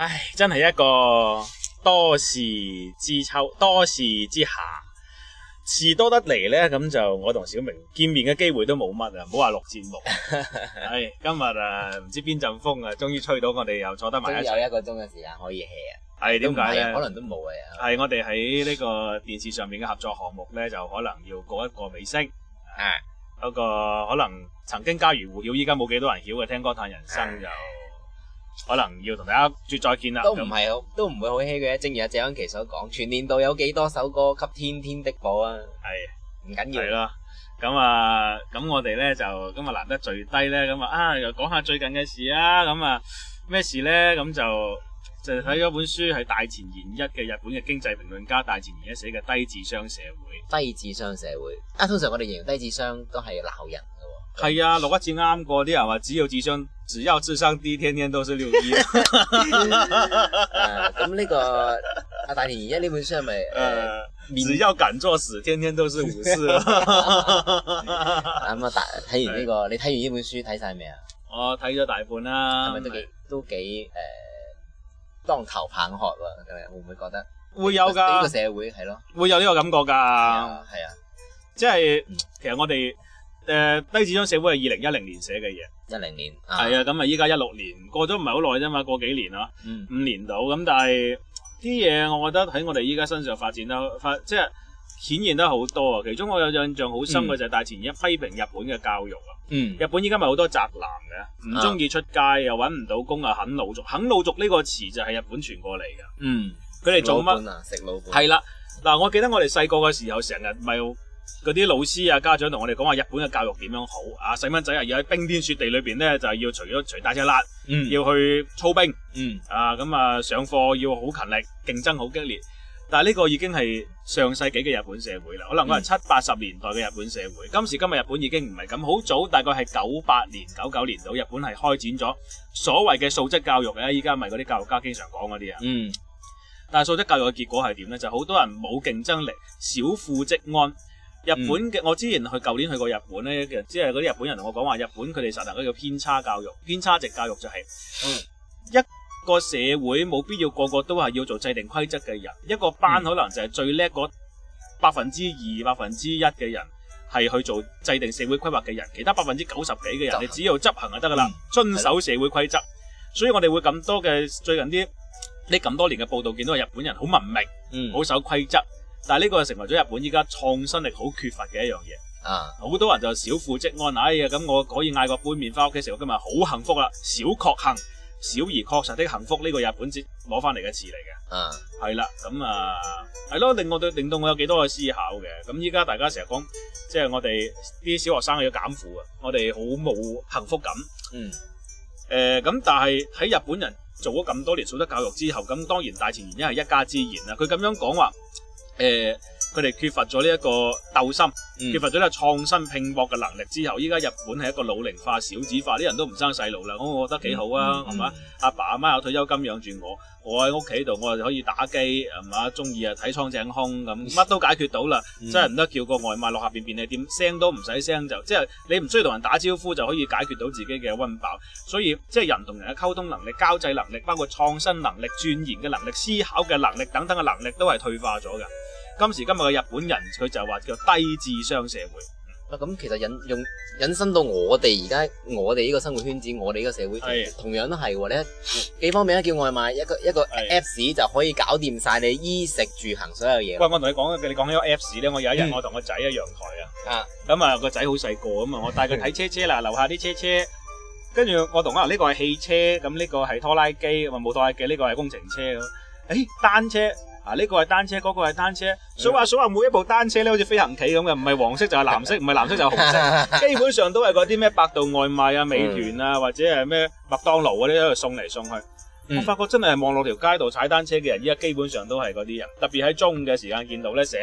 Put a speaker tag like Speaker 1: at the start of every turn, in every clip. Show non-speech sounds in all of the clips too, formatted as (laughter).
Speaker 1: 唉，真係一個多事之秋，多事之下，事多得嚟呢。咁就我同小明見面嘅機會都冇乜啊，唔好話錄節目。係 (laughs) 今日啊，唔知邊陣風啊，終於吹到我哋又坐得埋一有一個
Speaker 2: 鐘嘅時間可
Speaker 1: 以 hea 啊？係點解啊？可能都冇嘅、啊。係我哋喺呢個電視上面嘅合作項目呢，就可能要過一個尾聲。誒，嗰個可能曾經家喻戶曉，依家冇幾多人曉嘅《聽歌嘆人生》就。 (laughs) 可能要同大家說再見啦，都唔係好，
Speaker 2: 那都唔會好 h 嘅。正如阿、啊、謝安琪所講，全年度有幾多少首歌給天天的我
Speaker 1: 啊？係唔緊要咯。咁啊，咁我哋咧就咁啊，難得最低咧，咁啊啊，又講下最近嘅事啊，咁啊咩事咧？咁就就睇咗本書，係大前研一嘅日本嘅經濟評論家大前研一寫嘅《低智商社會》。低智商社會啊，通常我哋形容低智商都係鬧人。係啊，六一字啱過啲人話，只有智商，只要智商低，天天都是六一。
Speaker 2: 咁呢、這個阿達田，呢本書係
Speaker 1: 咪？呃、只要敢作死，
Speaker 2: 天天都是武士。咁啊、 (laughs) 嗯，達、嗯，睇、嗯、完呢、這個，是你睇完呢本書睇晒未啊？看
Speaker 1: 我睇咗大半啦。都幾都幾誒？當
Speaker 2: 頭棒喝喎，會唔會覺得會有噶呢個社會係咯，
Speaker 1: 會有呢個感覺噶。係啊，即係、啊就是、其實我哋。誒、呃、低智商社會係二零一零年寫嘅嘢，
Speaker 2: 一零年係啊，
Speaker 1: 咁啊依家一六年過咗唔係好耐啫嘛，過幾年啊，五、嗯、年到咁，但係啲嘢我覺得喺我哋依家身上發展得發即係顯現得好多啊。其中我有印象好深嘅就係大前研一批評日本嘅教育啊，嗯、日本依家咪好多宅男嘅，唔中意出街，啊、又揾唔到工肯肯、嗯、啊，啃老族，啃老族呢個詞就係日本傳過嚟嘅，嗯，佢哋做乜
Speaker 2: 啊？食老本係啦，
Speaker 1: 嗱，我記得我哋細個嘅時候成日咪。嗰啲老師啊，家長同我哋講話，日本嘅教育點樣好啊？細蚊仔啊，要喺冰天雪地裏邊咧，就要除咗除大隻辣，嗯，要去操兵，嗯啊，咁啊上課要好勤力，競爭好激烈。但係呢個已經係上世紀嘅日本社會啦，可能可能七八十年代嘅日本社會。嗯、今時今日日本已經唔係咁。好早，大概係九八年、九九年到日本係開展咗所謂嘅素質教育啊。依家咪嗰啲教育家經常講嗰啲啊，嗯，但係素質教育嘅結果係點呢？就好多人冇競爭力，小富即安。日本嘅我之前去舊年去過日本咧，其實即係嗰啲日本人同我講話，日本佢哋實行嗰個偏差教育，偏差值教育就係、是嗯、一個社會冇必要個個都係要做制定規則嘅人，一個班可能就係最叻嗰百分之二、百分之一嘅人係去做制定社會規劃嘅人，其他百分之九十幾嘅人你只要執行就得噶啦，嗯、遵守社會規則。的所以我哋會咁多嘅最近啲呢咁多年嘅報道，見到日本人好文明，好、嗯、守規則。但係呢個係成為咗日本依家創新力好缺乏嘅一樣嘢。啊，好多人就小富即安，哎呀，咁我可以嗌個杯麵翻屋企食，我今日好幸福啦，小確幸，小而確實的幸福，呢、這個日本字攞翻嚟嘅詞嚟嘅。啊，係啦，咁啊，係咯，令我對令到我，我有幾多嘅思考嘅。咁依家大家成日講，即、就、係、是、我哋啲小學生要減負啊，我哋好冇幸福感。嗯。誒、呃，咁但係喺日本人做咗咁多年素質教育之後，咁當然大前提係一,一家之言啦。佢咁樣講話。誒，佢哋、呃、缺乏咗呢一個鬥心，缺乏咗呢個創新拼搏嘅能力之後，依家日本係一個老年化、少子化，啲人都唔生細路啦。我覺得幾好啊，係嘛、嗯？阿爸阿媽有退休金養住我，我喺屋企度我就可以打機，係嘛？中意啊睇蒼井空咁，乜都解決到啦，真係唔得叫個外賣落下面便利店，便你點聲都唔使聲就，即、就、係、是、你唔需要同人打招呼就可以解決到自己嘅溫飽，所以即係、就是、人同人嘅溝通能力、交際能力、包括創新能力、轉型嘅能力、思考嘅能力等等嘅能力都係退化咗㗎。今時今日嘅日本人佢就話叫低智商社會。咁其實引用引申到我哋
Speaker 2: 而家我哋呢個生活圈子，我哋呢個社會係的同樣都係喎。你幾方便，一叫外賣一個的一個 Apps 就可以搞掂晒你衣食住行所有嘢。喂，
Speaker 1: 我同你講，你講呢個 Apps 咧，我有一日我同個仔喺陽台、嗯、啊，咁啊個仔好細個咁啊，我帶佢睇車車啦，樓下啲車車，跟住 (laughs) 我同啊，呢、呢個係汽車，咁呢個係拖拉機，冇拖拉機呢個係工程車，誒、欸、單車。嗱呢、啊，這個係單車，嗰，這個係單車。所話所話，每一部單車咧，好似飛行棋咁嘅，唔係黃色就係藍色，唔係 (laughs) 藍色就係紅色， (laughs) 基本上都係嗰啲咩百度外賣啊、美團啊，或者係咩麥當勞嗰啲喺度送嚟送去。 (laughs) 我發覺真係望落條街度踩單車嘅人，依家基本上都係嗰啲人，特別喺中午嘅時間見到咧，成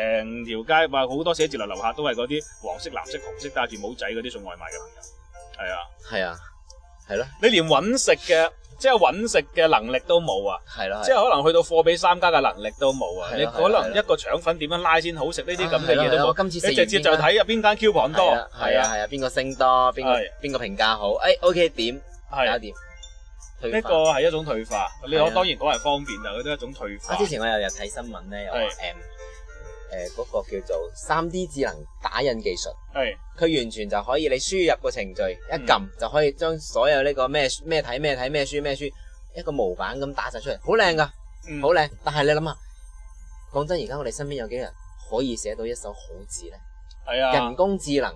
Speaker 1: 條街話好多寫字樓樓下都係嗰啲黃色、藍色、紅色帶住帽仔嗰啲送外賣嘅朋友。係啊，係啊，係咯，啊，你連揾食嘅。即係揾食嘅能力都冇啊，即係可能去到貨比三家嘅能力都冇啊，你可能一個腸粉點樣拉先好食呢啲咁嘅嘢都冇。我今次你直接就睇入邊間 coupon 多，係啊，係啊，
Speaker 2: 邊個升多，邊個
Speaker 1: 邊個評價好，
Speaker 2: 哎 OK 點搞點，呢個係一種退化，你我當然講係方便，但佢都係一種退化。我之前我日日睇新聞咧，又話誒，嗰、呃那個叫做三 D 智能打印技術，係是，佢完全就可以你輸入個程序，一撳、嗯、就可以將所有呢個咩咩睇咩睇咩書咩書一個模板咁打晒出嚟，好靚噶，好靚、嗯。但係你諗下，講真，而家我哋身邊有幾個人可以寫到一手好
Speaker 1: 字咧？係啊，人工智能，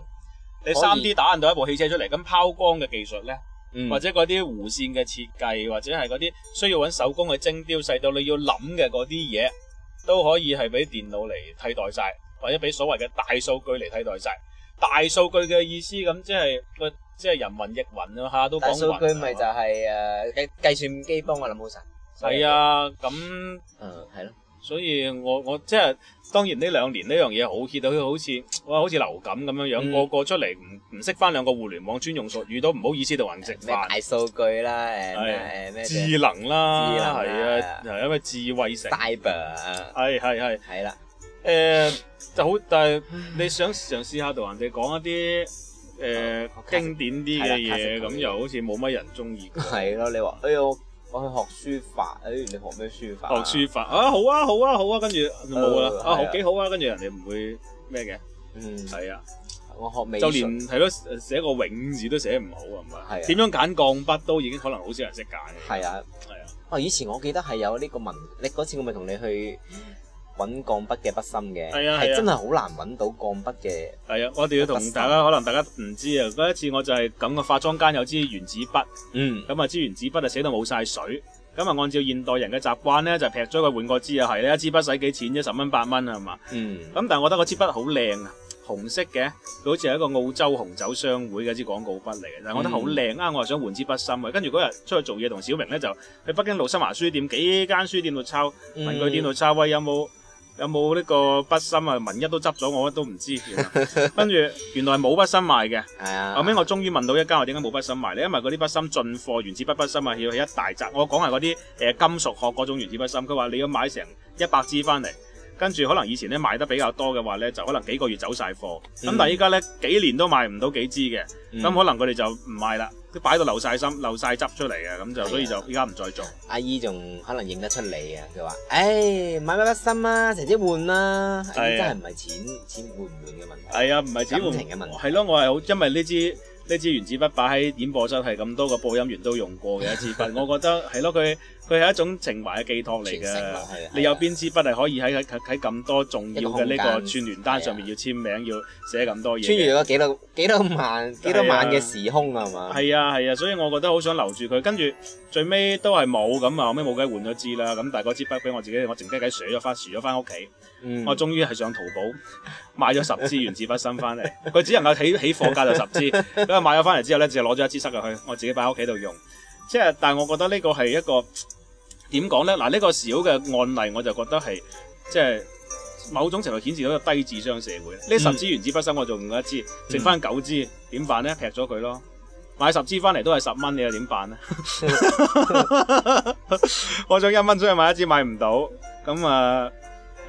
Speaker 2: 你三 D
Speaker 1: 打印到一部汽車出嚟，咁拋光嘅技術咧，嗯、或者嗰啲弧線嘅設計，或者係嗰啲需要揾手工去精雕細,細到你要諗嘅嗰啲嘢。都可以係俾電腦嚟替代晒，或者俾所謂嘅大數據嚟替代晒。大數據嘅意思，咁即係即係人云亦云咯，下都講大數據咪就係
Speaker 2: 誒計計算機幫我諗好曬。
Speaker 1: 係啊、嗯，咁誒係咯，所以我所以我即係。當然呢兩年呢樣嘢好 hit 到，佢好似哇，好似流感咁樣樣個個出嚟，唔唔識翻兩個互聯網專用術，遇到唔好意思同人食飯。咩大數
Speaker 2: 據啦，誒咩智
Speaker 1: 能啦，係啊，係有咩智慧城。Cyber 係係係係啦，誒就好，但係你想嘗試下同人哋講一啲誒經典啲嘅嘢，咁又好似冇乜人中意。係咯，你話哎喲。我去學書法，誒，你學咩書、啊、書法？學書法啊，好啊，好啊，好啊，跟住冇啦，呃、啊，好幾好啊，跟住人哋唔會咩嘅，嗯，係啊，我學未就連係咯，寫個永字都寫唔好啊，係啊。點樣揀鋼筆都已經可能好少人識揀嘅，係啊，係啊、哦。以前我記得係有呢
Speaker 2: 個文，你嗰次我咪同你去。揾鋼筆嘅筆芯嘅，係啊係啊，真係好難揾到鋼筆嘅
Speaker 1: 係啊！我哋要同大家，筆心 可能大家唔知啊。嗰一次我就係咁嘅化妝間有支原子筆，嗯，咁啊支原子筆啊寫到冇晒水，咁啊按照現代人嘅習慣咧，就劈咗佢換個支啊、就是，係咧一支筆使幾錢啫，十蚊八蚊係嘛？嗯，咁但係我覺得嗰支筆好靚啊，紅色嘅，佢好似係一個澳洲紅酒商會嘅支廣告筆嚟嘅，但係我覺得好靚啊！嗯、我又想換支筆芯啊，跟住嗰日出去做嘢，同小明咧就去北京路新華書店幾間書店度抄文具店度抄，喂、嗯、有冇？有冇呢個筆芯啊？文一都執咗，我都唔知。跟住原來冇筆芯賣嘅，哎、呀後尾我終於問到一間，我點解冇筆芯賣咧？因為嗰啲筆芯進貨原子筆筆芯啊，要起一大扎。我講埋嗰啲誒金屬殼嗰種原子筆芯，佢話你要買成一百支翻嚟。跟住可能以前咧賣得比較多嘅話咧，就可能幾個月走晒貨。咁、嗯、但係依家咧幾年都賣唔到幾支嘅，咁、嗯、可能佢哋就唔賣啦。都擺到流晒心，流晒汁出嚟啊！咁就所以就依家唔再做。阿姨仲可能認得出你啊？佢話：，
Speaker 2: 唉、哎，買乜乜心啊？成支換啦、啊！真係係
Speaker 1: 唔係錢、啊、錢換唔換嘅問題？係啊，唔係錢換換嘅問題，係咯，我係好因為呢支。呢支原子筆擺喺演播室，係咁多個播音員都用過嘅一支筆。 (laughs) 但我覺得係咯，佢佢係一種情懷嘅寄託嚟㗎。你有邊支筆係可以喺喺咁多重要嘅呢個串聯單單上面要簽名、要寫咁多嘢？穿越咗幾
Speaker 2: 多幾多萬幾多萬嘅
Speaker 1: 時空係嘛？係啊係吧啊,啊，所以我覺得好想留住佢。跟住最尾都係冇咁啊，後尾冇計換咗支啦。咁但係嗰支筆俾我自己，我靜雞雞寫咗翻，薯咗翻屋企。我終於係上淘寶買咗十支原子筆芯翻嚟，佢只能夠起起貨價就十支。咁啊買咗翻嚟之後咧，就攞咗一支塞入去，我自己擺喺屋企度用。即係，但我覺得呢個係一個點講咧？嗱，呢、這個小嘅案例我就覺得係即係某種程度顯示到一個低智商社會。呢十支原子筆芯我就唔一支，剩翻九支點辦咧？劈咗佢咯！買十支翻嚟都係十蚊，你又點辦咧？ (laughs) (laughs) 我仲一蚊出去買一支買唔到，咁啊～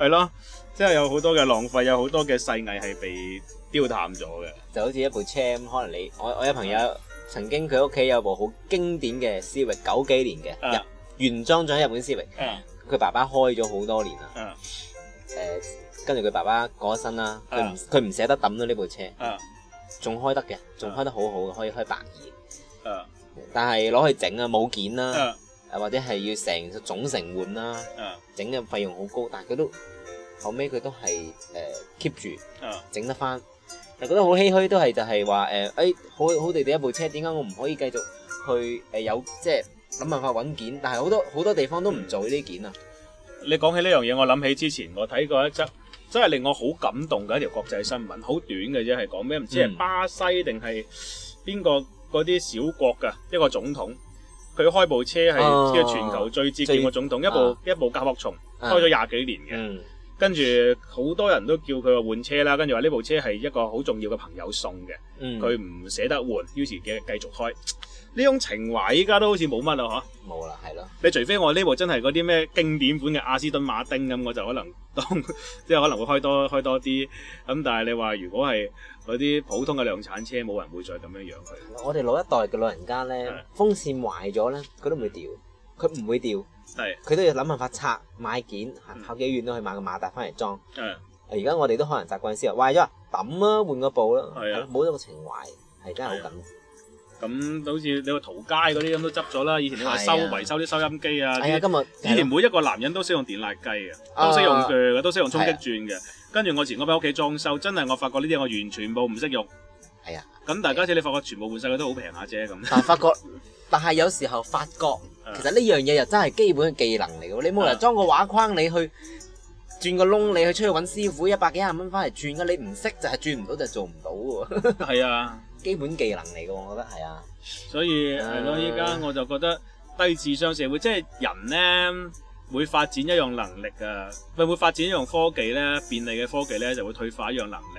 Speaker 1: 係咯，即係、就是、有好多嘅浪費，有好多嘅細藝係被丟淡咗嘅。就好似一部車咁，可能你我我有朋友曾經
Speaker 2: 佢屋企有部好經典嘅思域，九幾年嘅、uh. 原裝咗喺日本思域，佢、uh. 爸爸開咗好多年啦。誒，跟住佢爸爸過身啦，佢唔佢唔捨得抌咗呢部車，仲、uh. 開,開得嘅，仲開得好好嘅，可以開百二。Uh. 但係攞去整啊，冇件啦。或者係要成個總成換啦，整嘅費用好高，但係佢都後尾，佢、呃呃、都係誒 keep 住，整得翻，就覺得好唏噓，都係就係話誒，哎，好好哋，第一部車，點解我唔可以繼續去誒有即係諗辦法揾件？但係好多好多地方都唔做呢啲、嗯、件啊！
Speaker 1: 你講起呢樣嘢，我諗起之前我睇過一則，真係令我好感動嘅一條國際新聞，好短嘅啫，係講咩？唔知係巴西定係邊個嗰啲小國嘅一個總統。佢開部車係全球最節儉嘅總統，一部、啊、一部甲殼蟲，開咗廿幾年嘅。的跟住好多人都叫佢話換車啦，跟住話呢部車係一個好重要嘅朋友送嘅，佢唔捨得換，於是嘅繼續開。呢種情懷依家都好似冇乜啦，嗬？
Speaker 2: 冇啦，係咯。你
Speaker 1: 除非我呢部真係嗰啲咩經典款嘅阿斯頓馬丁咁，我就可能當，即係可能會開多開多啲。咁但係你話如果係嗰啲普通嘅量產車，冇人會再咁樣養佢。我哋老一代嘅老
Speaker 2: 人家呢，的風扇壞咗呢，佢都唔會掉，佢唔會掉。係，佢都要諗辦法拆買件，跑幾遠都去買個馬達翻嚟裝。而家我哋都可能習慣咗，壞
Speaker 1: 咗抌啦，換個部啦，
Speaker 2: 冇咗個情懷，係真係好緊。咁好
Speaker 1: 似你話淘街嗰啲咁都執咗啦，以前你話收維修啲收音機啊，係啊，今日以前每一個男人都識用電辣雞嘅，都識用鋸嘅，都識用衝擊鑽嘅。跟住我前嗰排喺屋企裝修，真係我發覺呢啲我完全部唔識用。係啊，咁大家假你發覺全部換晒佢都好平下啫咁。但發覺，但係有時候發覺。Uh, 其
Speaker 2: 實呢樣嘢，又真係基本嘅技能嚟嘅，你冇人裝個畫框，你去轉個窿，你去出去揾師傅一百幾廿蚊翻嚟轉嘅，你唔識就係轉唔到就做唔到喎。係啊，基本技能嚟嘅，我覺得係啊。
Speaker 1: 所以係咯，依家，uh, 我就覺得低智商社會即係人咧會發展一樣能力啊，咪會發展一樣科技咧，便利嘅科技咧就會退化一樣能力。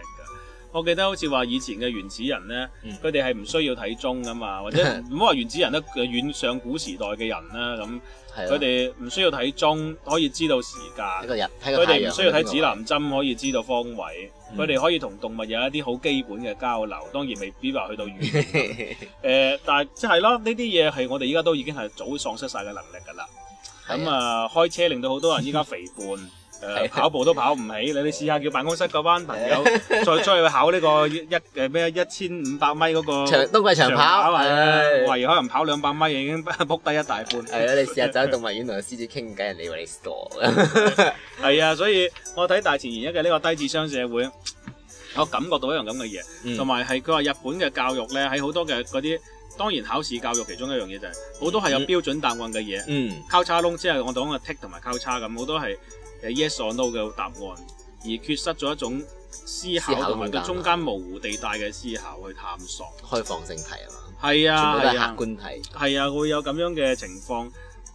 Speaker 1: 我記得好似話以前嘅原始人咧，佢哋係唔需要睇鐘噶嘛，或者唔好話原始人啦，遠 (laughs) 上古時代嘅人啦咁，佢哋唔需要睇鐘可以知道時間，睇睇佢哋唔需要睇指南針可以知道方位，佢哋、嗯、可以同動物有一啲好基本嘅交流，當然未必話去到遠。誒、 (laughs) 呃，但係即係咯，呢啲嘢係我哋依家都已經係早喪失晒嘅能力㗎啦。咁啊的、呃，開車令到好多人依家肥胖。嗯啊、跑步都跑唔起，啊、你你試下叫辦公室嗰班朋友再、啊、出，出去考呢個一誒咩一千五百米嗰個都係長跑，或疑者、啊、可能跑兩百米已經撲低一大半。係啊，你試下走喺動物園同個獅子傾偈，啊、人哋話你傻。係啊，所以我睇大前研一嘅呢個低智商社會，我感覺到一樣咁嘅嘢，同埋係佢話日本嘅教育咧，喺好多嘅嗰啲當然考試教育其中一樣嘢就係、是、好多係有標準答案嘅嘢，嗯嗯交叉窿即係我哋講嘅 tick 同埋交叉咁，好多係。係 yes or no 嘅答案，而缺失咗一種思考同埋個中間模糊地帶嘅思考去探索開放性題啊嘛，係啊，全部都係客觀題，係啊，係啊，係啊，會有咁樣嘅情況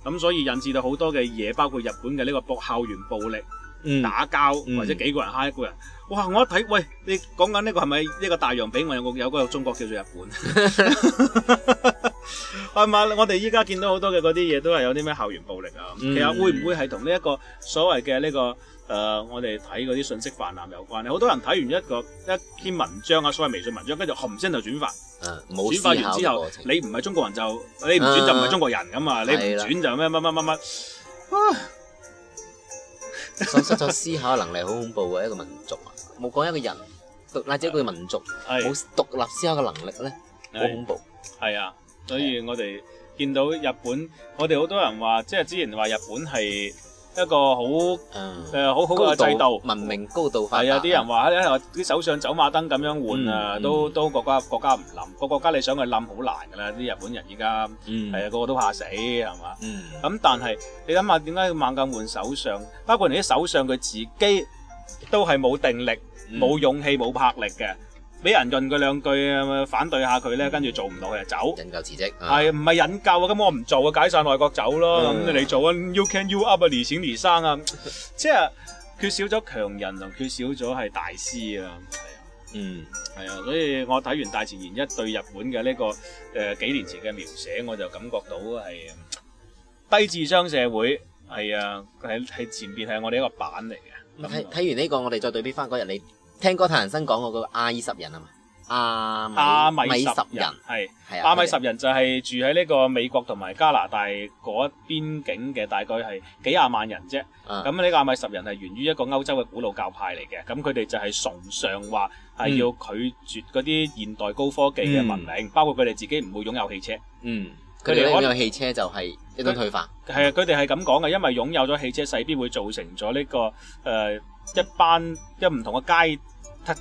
Speaker 1: 咁，所以引致到好多嘅嘢，包括日本嘅呢個校園暴力，嗯、打交或者幾個人蝦一個人，嗯、哇！我一睇，喂，你講緊呢個係咪呢個大洋彼岸有個有個中國叫做日本？ (laughs) 係嘛？我哋依家見到好多嘅嗰啲嘢都係有啲咩校園暴力啊，嗯、其實會唔會係同呢一個所謂嘅呢個誒、呃，我哋睇嗰啲信息泛濫有關？好多人睇完一個、嗯、一篇文章啊，所謂微信文章，跟住冚聲就轉發。嗯、
Speaker 2: 啊，冇思考過程。轉發完之後，你
Speaker 1: 唔係中國人就你唔轉就唔係中國人咁啊？你唔轉就咩乜乜乜乜
Speaker 2: 啊？實實的、啊、思考嘅能力好恐怖啊！ (laughs) 一個民族冇講一個人，乃至一個民族冇獨的立思考嘅能力咧，好恐怖。
Speaker 1: 係啊。所以我哋見到日本，我哋好多人話，即係之前話日本係一個、嗯、好誒好好嘅制度，度，
Speaker 2: 文明高度發展。係啊，啲人
Speaker 1: 話咧，啲首相走馬燈咁樣換啊，嗯、都都國家國家唔冧，個國家你想佢冧好難㗎啦！啲日本人而家係啊，個個都怕死係嘛？咁、嗯嗯、但係你諗下，點解要猛咁換首相？包括你啲首相佢自己都係冇定力、冇、嗯、勇氣、冇魄力嘅。俾人潤佢兩句，反對下佢咧，跟住做唔落去就走，引咎辭職。係唔係引咎啊？咁、嗯、我唔做啊，解散外國走咯。咁、嗯、你嚟做啊？You can you up 啊？嚟錢嚟生啊？ (laughs) 即係缺少咗強人，同缺少咗係大師啊。係啊、嗯，嗯啊，所以我睇完大前研一對日本嘅呢、這個誒、呃、幾年前嘅描寫，我就感覺到係低智商社會。係啊，係係前面係我哋一個版嚟嘅。睇睇、嗯、這樣 完呢、這個，我哋再對比翻嗰日你。
Speaker 2: 聽哥談人生
Speaker 1: 講過嗰個阿米十人吖嘛？阿阿米十人係係阿米十人就係住喺呢個美國同埋加拿大嗰邊境嘅，大概係幾廿萬人啫。咁呢個阿米十人係源於一個歐洲嘅古老教派嚟嘅，咁佢哋就係崇尚話係要拒絕嗰啲現代高科技嘅文明，嗯、包括佢哋自己唔會擁有汽車。嗯，
Speaker 2: 佢哋擁有汽
Speaker 1: 車就係一種退化。係啊，佢哋係咁講嘅，因為擁有咗汽車勢必會造成咗呢、這個誒。呃一班一唔同嘅階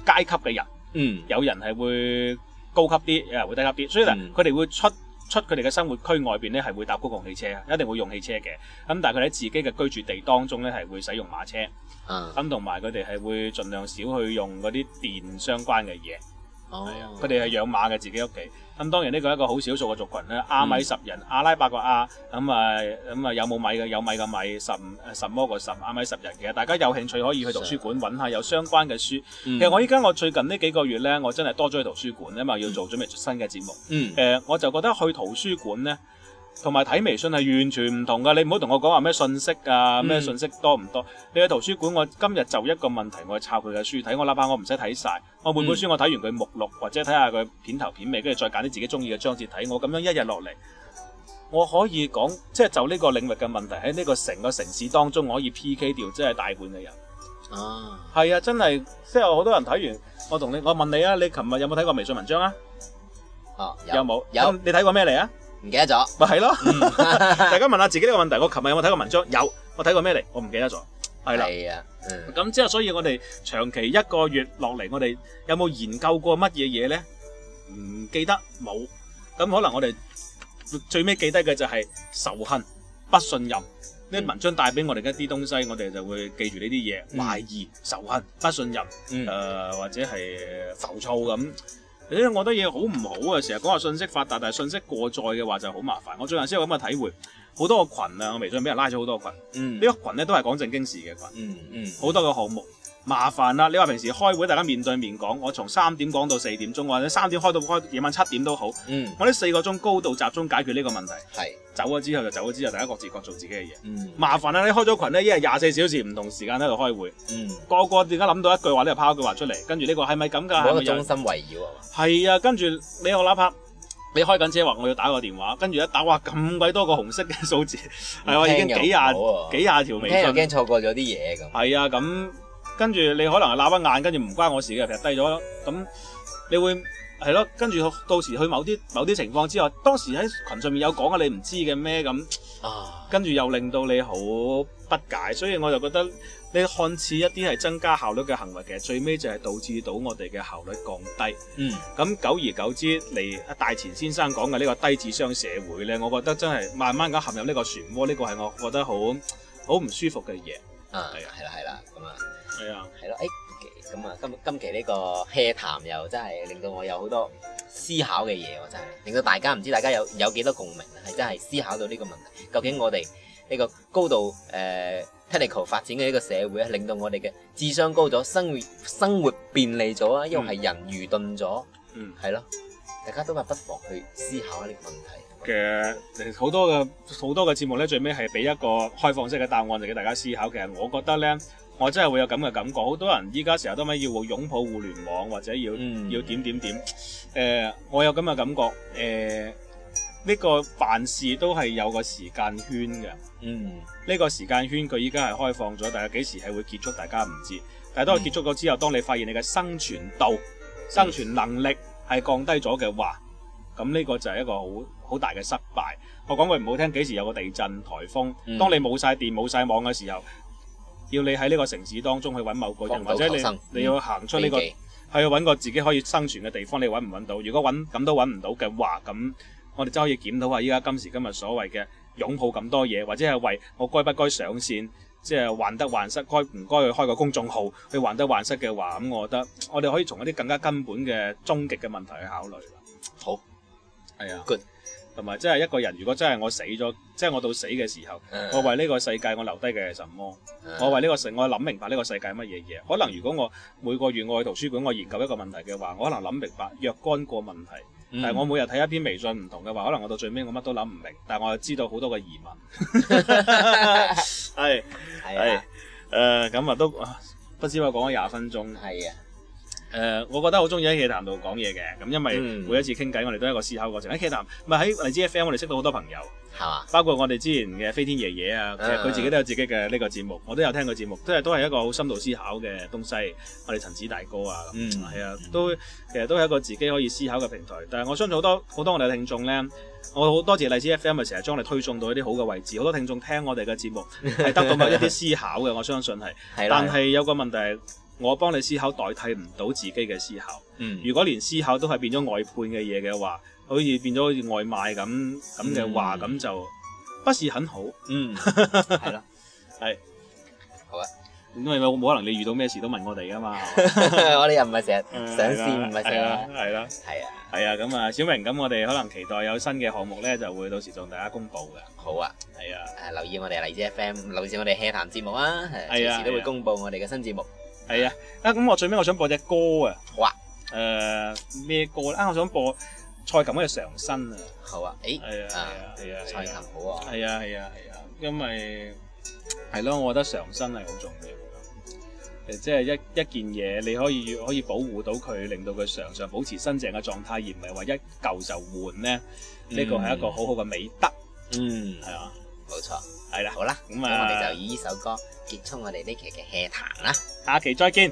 Speaker 1: 階級嘅人，嗯，有人係會高級啲，有人會低級啲，所以咧，佢哋會出、嗯、出佢哋嘅生活區外邊咧，係會搭公共汽車，一定會用汽車嘅。咁但係佢喺自己嘅居住地當中咧，係會使用馬車，嗯，咁同埋佢哋係會盡量少去用嗰啲電相關嘅嘢。
Speaker 2: 係啊，佢哋
Speaker 1: 係養馬嘅，自己屋企。咁當然呢個係一個好少數嘅族群咧，阿米十人，嗯、阿拉伯個阿咁啊咁啊有冇米嘅有米嘅米什什麼個十阿米十人。其實大家有興趣可以去圖書館揾下有相關嘅書。嗯、其實我依家我最近呢幾個月咧，我真係多咗去圖書館因為，要做準備新嘅節目。嗯。誒、呃，我就覺得去圖書館咧。同埋睇微信係完全唔同噶，你唔好同我講話咩信息啊，咩信息多唔多？嗯、你去圖書館，我今日就一個問題，我去插佢嘅書睇，我哪怕我唔使睇晒，我每本書、嗯、我睇完佢目錄或者睇下佢片頭片尾，跟住再揀啲自己中意嘅章節睇，我咁樣一日落嚟，我可以講即係就呢、是、個領域嘅問題喺呢個成個城市當中，我可以 P K 掉即係、就是、大半嘅人。啊係啊，真係即係有好多人睇完，我同你我問你啊，你琴日有冇睇過微信文章啊？
Speaker 2: 有冇、啊、有？有
Speaker 1: 有有，你睇過咩嚟啊？唔記得咗，咪係咯。嗯、 (laughs) 大家問下自己呢個問題，我琴日有冇睇過文章？有，我睇過咩嚟？我唔記得咗。係啦。係啊。咁之後，所以我哋長期一個月落嚟，我哋有冇研究過乜嘢嘢咧？唔、嗯、記得冇。咁可能我哋最尾記得嘅就係仇恨、不信任。呢、嗯、文章帶俾我哋嘅一啲東西，我哋就會記住呢啲嘢：嗯、懷疑、仇恨、不信任，誒、嗯呃、或者係浮躁咁。你覺得嘢好唔好啊？成日講話信息發達，但係信息過載嘅話就好麻煩。我最近先有咁嘅體會，好多個群啊，我微信俾人拉咗好多羣，呢、嗯、個群呢，都係講正經事嘅群、嗯好、嗯、多個項目。麻煩啦！你話平時開會大家面對面講，我從三點講到四點鐘，或者三點開到開夜晚七點都好。嗯、我呢四個鐘高度集中解決呢個問題。係是走咗之後就走咗之後，大家各自各做自己嘅嘢。嗯、麻煩啦！你開咗群呢，一日廿四小時唔同時間喺度開會。嗯，個個點解諗到一句話，你就拋一句話出嚟，跟住呢個係咪咁㗎？嗰個中心圍繞係係啊，跟住你又哪怕你開緊車話我要打個電話，跟住一打哇咁鬼多個紅色嘅數字，係喎、啊、已經幾廿幾廿條微信，驚錯過咗啲嘢咁。係樣啊，咁。跟住你可能係鬧一眼，跟住唔關我事嘅劈低咗，咁你會係咯？跟住到時去某啲某啲情況之外，當時喺群上面有講嘅，你唔知嘅咩咁？
Speaker 3: 啊！
Speaker 1: 跟住又令到你好不解，所以我就覺得你看似一啲係增加效率嘅行為，其實最尾就係導致到我哋嘅效率降低。嗯。咁、嗯、久而久之嚟，大前先生講嘅呢個低智商社會呢，我覺得真係慢慢咁陷入呢個漩渦，呢、這個係我覺得好好唔舒服嘅嘢。
Speaker 2: 啊，係係啦，係啦，咁啊。係啊，係咯，誒，咁啊，今今期呢個 he 談又真係令到我有好多思考嘅嘢，我真係令到大家唔知大家有有幾多共鳴，係真係思考到呢個問題。究竟我哋呢個高度誒、呃、technical 發展嘅呢個社會啊，令到我哋嘅智商高咗，生活生活便利咗啊，因為係人愚鈍咗，嗯，係咯，大家都話不妨去思考下呢個問題
Speaker 1: 嘅。好多嘅好多嘅節目咧，最尾係俾一個開放式嘅答案，嚟俾大家思考。其實我覺得咧。我真係會有咁嘅感覺，好多人依家成日都咪要擁抱互聯網，或者要、嗯、要點點點。呃、我有咁嘅感覺。呢、呃這個凡事都係有個時間圈嘅。嗯，呢個時間圈佢依家係開放咗，但係幾時係會結束，大家唔知。但係當我結束咗之後，嗯、當你發現你嘅生存度、生存能力係降低咗嘅話，咁呢、嗯、個就係一個好好大嘅失敗。我講句唔好聽，幾時有個地震、颱風，當你冇晒電、冇晒網嘅時候。要你喺呢個城市當中去揾某個人，或者你你要行出呢、這個、嗯、去揾個自己可以生存嘅地方，你揾唔揾到？如果揾咁都揾唔到嘅話，咁我哋真可以檢討下依家今時今日所謂嘅擁抱咁多嘢，或者係為我該唔該上線，即係患得患失，該唔該去開個公眾號去患得患失嘅話，咁我覺得我哋可以從一啲更加根本嘅終極嘅問題去考慮。好係啊。哎呀 Good. 同埋，即係一個人，如果真係我死咗，即係我到死嘅時候，uh huh. 我為呢個世界我留低嘅係什麼？Uh huh. 我為呢個世，我諗明白呢個世界乜嘢嘢？可能如果我每個月我去圖書館，我研究一個問題嘅話，我可能諗明白若干個問題，但係我每日睇一篇微信唔同嘅話，可能我到最尾我乜都諗唔明，但係我又知道好多嘅疑問。係係誒，咁啊都不知我講咗廿分鐘。係啊。誒、呃，我覺得好中意喺夜談度講嘢嘅，咁因為每一次傾偈，我哋都係一個思考過程喺夜、嗯、談，唔係喺荔枝 FM，我哋識到好多朋友，係嗎包括我哋之前嘅飛天爺爺啊，佢自己都有自己嘅呢個節目，啊、我都有聽佢節目，都係都係一個好深度思考嘅東西。我哋陳子大哥啊，嗯，係、嗯、啊，都其實都係一個自己可以思考嘅平台。但係我相信好多好多我哋嘅聽眾呢，我好多謝荔枝 FM，成日將我哋推送到一啲好嘅位置。好多聽眾聽我哋嘅節目係得到一啲思考嘅， (laughs) 我相信係，的但係有個問題我幫你思考代替唔到自己嘅思考。嗯，如果連思考都係變咗外判嘅嘢嘅話，好似變咗好似外賣咁咁嘅話，咁、嗯、就不是很好。嗯，係啦的，係 (laughs) 是好啊，因為冇冇可能你遇到咩事都問我哋噶嘛， (laughs) 我哋又唔係成日想試唔係成日係啦，係啊， (laughs) 係啊，咁啊，小明咁，我哋可能期待有新嘅項目咧，就會到時同大家公佈嘅。好啊，
Speaker 2: 係的啊，留意我哋荔枝 F.M.，留意我哋戲談節目啊，啊，隨時都會公佈
Speaker 1: 我哋嘅新節目。係啊！啊咁，我最尾我想播隻歌啊。好啊。誒咩歌咧？啊，我想播蔡琴嘅《常新》啊。好啊。誒。係啊係啊係啊。蔡琴好啊。係啊係啊係啊，因為係咯，我覺得常新係好重要，即係一一件嘢，你可以可以保護到佢，令到佢常常保持新淨嘅狀態，而唔係話一舊就換咧。
Speaker 2: 呢個係一個好
Speaker 1: 好嘅美德。嗯。係啊，冇錯。係啦。好啦。咁啊。咁我哋就以呢首歌。
Speaker 2: 結束我哋呢期嘅嘢談啦，
Speaker 1: 下期再見。